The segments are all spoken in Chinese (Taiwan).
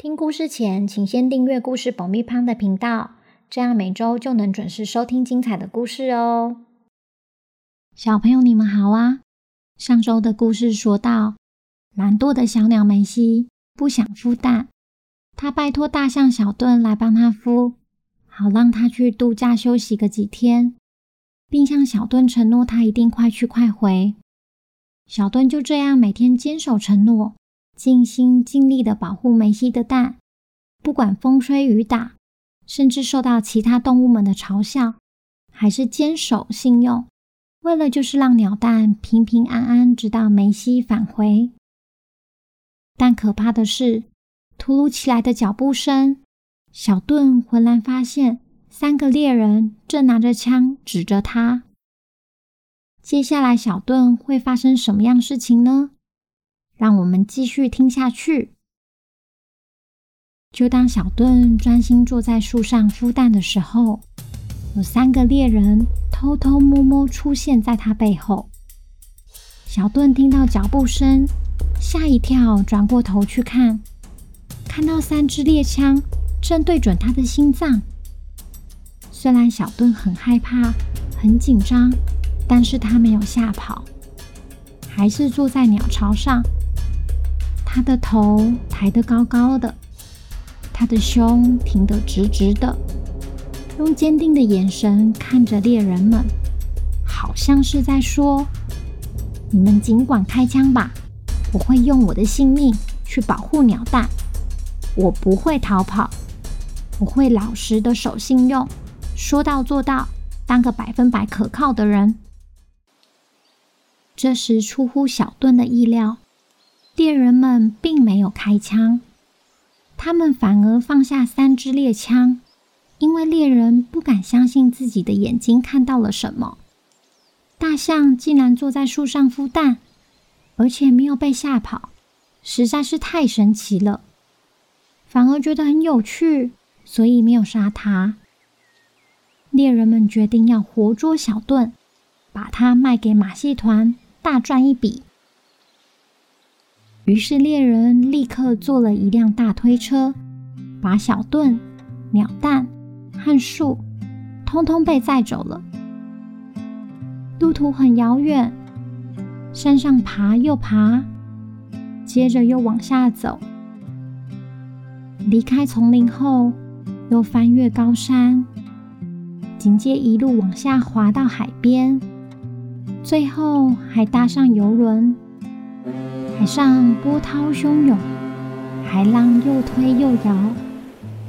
聽故事前，請先訂閱“故事爆米花”的頻道，這樣每周就能準時收聽精彩的故事哦。小朋友，你們好啊！上周的故事說到，懶惰的小鳥梅西不想孵蛋，他拜托大象小頓來幫他孵，好讓他去度假休息個幾天，並向小頓承諾他一定快去快回。小頓就這樣每天堅守承諾，盡心盡力地保護梅西的蛋，不管風吹雨打，甚至受到其他動物們的嘲笑，還是堅守信用，為了就是讓鳥蛋平平安安，直到梅西返回。但可怕的是，突如其來的腳步聲，小頓渾然發現三個獵人正拿着槍指着他。接下來，小頓會發生什麼樣事情呢？讓我們繼續聽下去。就當小頓專心坐在樹上孵蛋的時候，有三個獵人偷偷摸摸出現在他背後。小頓聽到腳步聲，嚇一跳，轉過頭去看，看到三支獵槍正對準他的心臟。雖然小頓很害怕、很緊張，但是他沒有嚇跑，還是坐在鳥巢上。他的頭抬得高高的，他的胸挺得直直的，用堅定的眼神看着獵人們，好像是在說：“你們盡管開槍吧，我會用我的性命去保護鳥蛋，我不會逃跑，我會老實的守信用，說到做到，當個百分百可靠的人。”這是出乎小頓的意料。獵人們並沒有開槍，他們反而放下三支獵槍，因為獵人不敢相信自己的眼睛看到了什麼：大象竟然坐在樹上孵蛋，而且沒有被嚇跑，實在是太神奇了，反而覺得很有趣，所以沒有殺它。獵人們決定要活捉小頓，把它賣給馬戲團，大賺一筆。於是獵人立刻坐了一輛大推車，把小頓、鳥蛋和樹通通被載走了。路途很遙遠，山上爬又爬，接着又往下走，離開叢林後又翻越高山，緊接一路往下滑到海邊，最後還搭上郵輪。海上波濤洶湧，海浪又推又搖。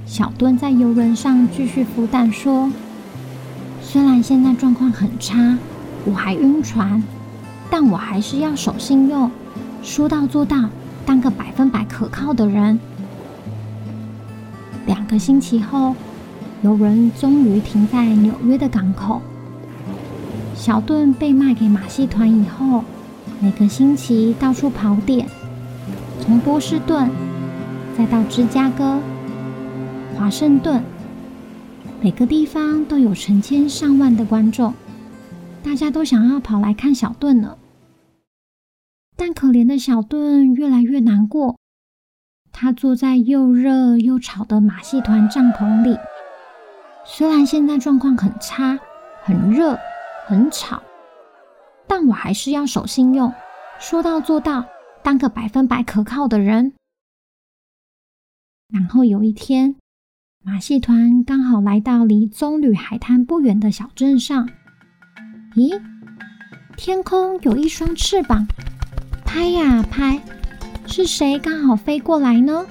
小頓在遊輪上繼續孵蛋，說：“雖然現在狀況很差，我還暈船，但我還是要守信用，說到做到，當個百分百可靠的人。”兩個星期後，遊輪終於停在紐約的港口。小頓被賣給馬戲團以後。每個星期到處跑點，從波士頓再到芝加哥、華盛頓，每個地方都有成千上萬的觀眾，大家都想要跑來看小頓了。但可憐的小頓越來越難過，他坐在又熱又吵的馬戲團帳篷裡，雖然現在狀況很差，很熱，很吵。但我還是要守信用，說到做到，當個百分百可靠的人。然後有一天，馬戲團剛好來到離棕櫚海灘不遠的小鎮上。咦，天空有一雙翅膀，拍呀拍，是誰剛好飛過來呢？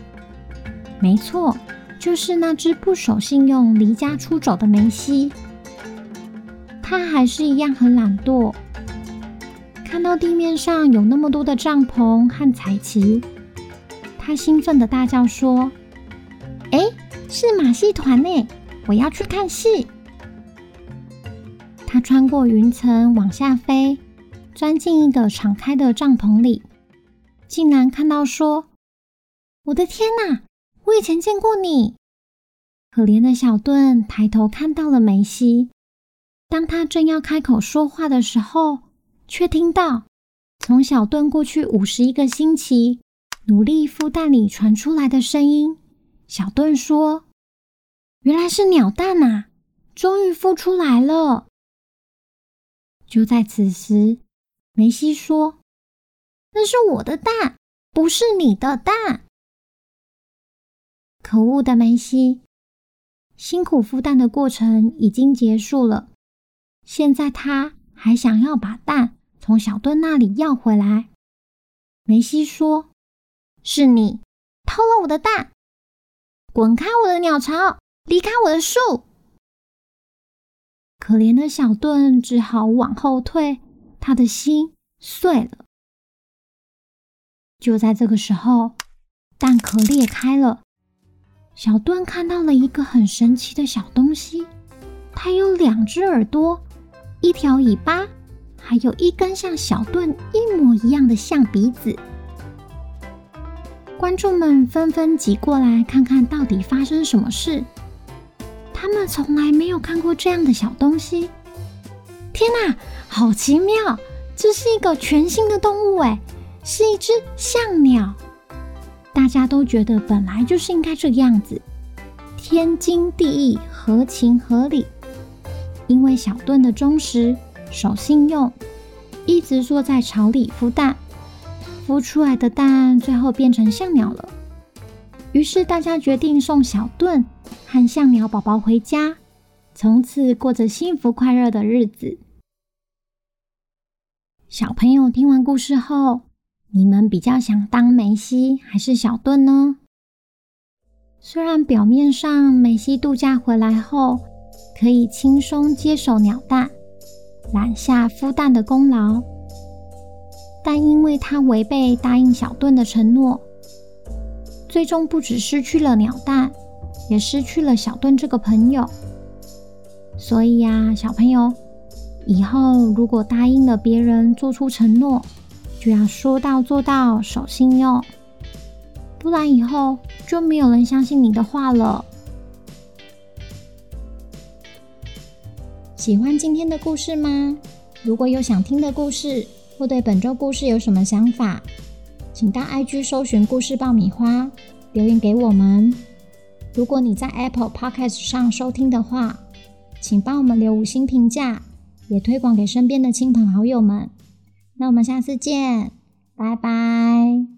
沒錯，就是那隻不守信用、離家出走的梅西。他還是一樣很懶惰。看到地面上有那麼多的帳篷和彩旗，他興奮地大叫說：“哎，是馬戲團呢，我要去看戲。”他穿過雲層往下飛，鑽進一個敞開的帳篷裡，竟然看到說：“我的天哪！我以前見過你。”可憐的小頓抬頭看到了梅西，當他正要開口說話的時候。卻聽到從小頓過去五十一個星期努力孵蛋裡傳出來的聲音。小頓說：“原來是鳥蛋啊，終於孵出來了。”就在此時，梅西說：“那是我的蛋，不是你的蛋。”可惡的梅西，辛苦孵蛋的過程已經結束了，現在他還想要把蛋。從小頓那裡要回來，梅西說：“是你偷了我的蛋，滾開我的鳥巢，離開我的樹。”可憐的小頓只好往後退，他的心碎了。就在這個時候，蛋殼裂開了，小頓看到了一個很神奇的小東西，它有兩隻耳朵，一條尾巴。還有一根像小頓一模一樣的象鼻子，觀眾們紛紛擠過來看，看到底發生什麼事。他們從來沒有看過這樣的小東西。天哪、啊，好奇妙！這是一個全新的動物，哎，是一隻象鳥。大家都覺得本來就是應該這個樣子，天經地義，合情合理。因為小頓的忠實。守信用，一直坐在巢裡孵蛋，孵出來的蛋最後變成象鳥了。於是大家決定送小頓和象鳥寶寶回家，從此過着幸福快樂的日子。小朋友聽完故事後，你們比較想當梅西還是小頓呢？雖然表面上梅西度假回來後可以輕鬆接手鳥蛋。攬下孵蛋的功勞，但因為他違背答應小頓的承諾，最終不止失去了鳥蛋，也失去了小頓這個朋友。所以呀、啊，小朋友，以後如果答應了別人做出承諾，就要說到做到，守信用，不然以後就沒有人相信你的話了。喜歡今天的故事嗎？如果有想聽的故事，或對本周故事有什麼想法，請到 IG 搜尋“故事爆米花”留言給我們。如果你在 Apple Podcast 上收聽的話，請幫我們留五星評價，也推廣給身邊的親朋好友們。那我們下次見，拜拜。